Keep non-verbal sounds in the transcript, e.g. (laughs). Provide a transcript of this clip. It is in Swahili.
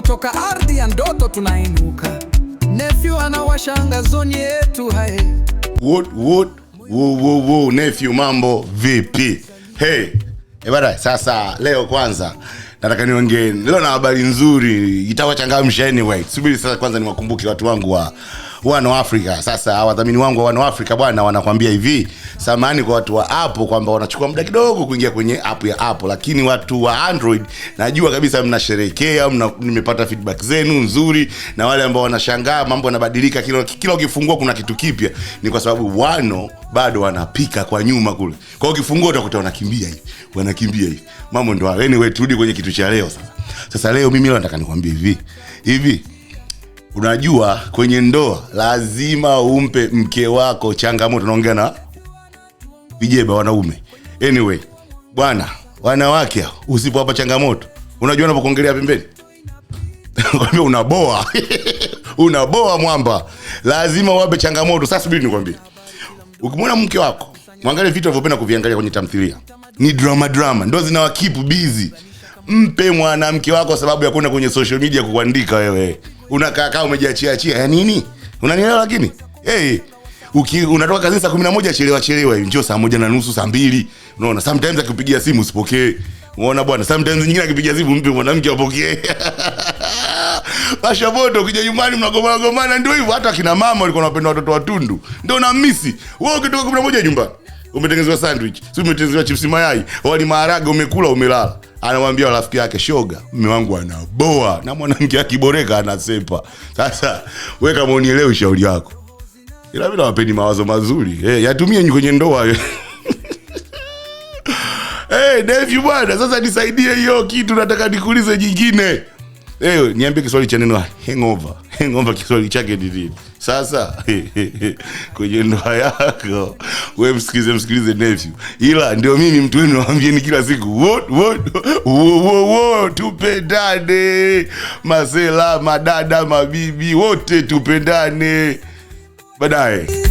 kutoka ardhi ya ndoto tunainuka. Nephew anga zoni yetu hae. Wood wood woo woo woo nephew, mambo vipi? Hey, ebada, eh, sasa leo kwanza nataka niongee leo na habari nzuri itawachangamsha. Anyway, subiri sasa kwanza niwakumbuke watu wangu wa One Africa. Sasa wadhamini wangu wa One bwana, wanakwambia hivi, samani kwa watu wa Apple kwamba wanachukua muda kidogo kuingia kwenye app ya Apple, lakini watu wa Android najua kabisa mnasherekea mna, nimepata feedback zenu nzuri, na wale ambao wanashangaa mambo yanabadilika kila kila ukifungua kuna kitu kipya, ni kwa sababu wano bado wanapika kwa nyuma kule. kwao ukifungua utakuta wanakimbia hivi, wanakimbia hivi, mambo ndo Anyway, turudi kwenye kitu cha leo sasa. Sasa leo mimi leo nataka nikwambia hivi hivi Unajua, kwenye ndoa lazima umpe mke wako changamoto. Naongea na vijeba wanaume, anyway bwana, wanawake usipowapa changamoto, unajua unapokuongelea pembeni kwambia (laughs) unaboa (laughs) unaboa mwamba, lazima wape changamoto. Sasa subiri nikwambie, ukimwona mke wako mwangalie vitu anavyopenda kuviangalia kwenye tamthilia, ni drama drama, ndo zinawakipu bizi. Mpe mwanamke wako sababu ya kwenda kwenye social media kukuandika wewe unakaa kaa umejiachiaachia ya nini? Unanielewa? Lakini hey, uki unatoka kazini saa kumi na moja chelewa chelewa hivi, njoo saa moja na nusu saa mbili. Unaona, sometimes akipigia simu usipokee. Unaona bwana, sometimes nyingine akipigia simu mpe mwanamke apokee. Basha (laughs) moto ukija nyumbani mnagombana gombana, ndio hivyo. Hata kina mama walikuwa wanapenda watoto watundu, ndio na misi wewe ukitoka 11 nyumbani umetengenezewa sandwich, si umetengenezewa chips mayai, wali maharage, umekula umelala. Anamwambia rafiki yake, shoga, mme wangu anaboa na mwanamke akiboreka anasepa. Sasa we kama unielewi, ushauri wako, ila mi nawapeni mawazo mazuri hey, eh, yatumie nyi kwenye ndoa hey, (laughs) eh, Devi bwana, sasa nisaidie hiyo kitu, nataka nikuulize jingine. Hey, niambie Kiswahili cha neno hangover. Hangover Kiswahili chake ni nini? Sasa (laughs) kwenye ndoa yako wewe msikilize, msikilize nephew, ila ndio mimi mtu wenu, nawaambieni kila siku what what wo wo wo, tupendane masela, madada, mabibi wote tupendane. Baadaye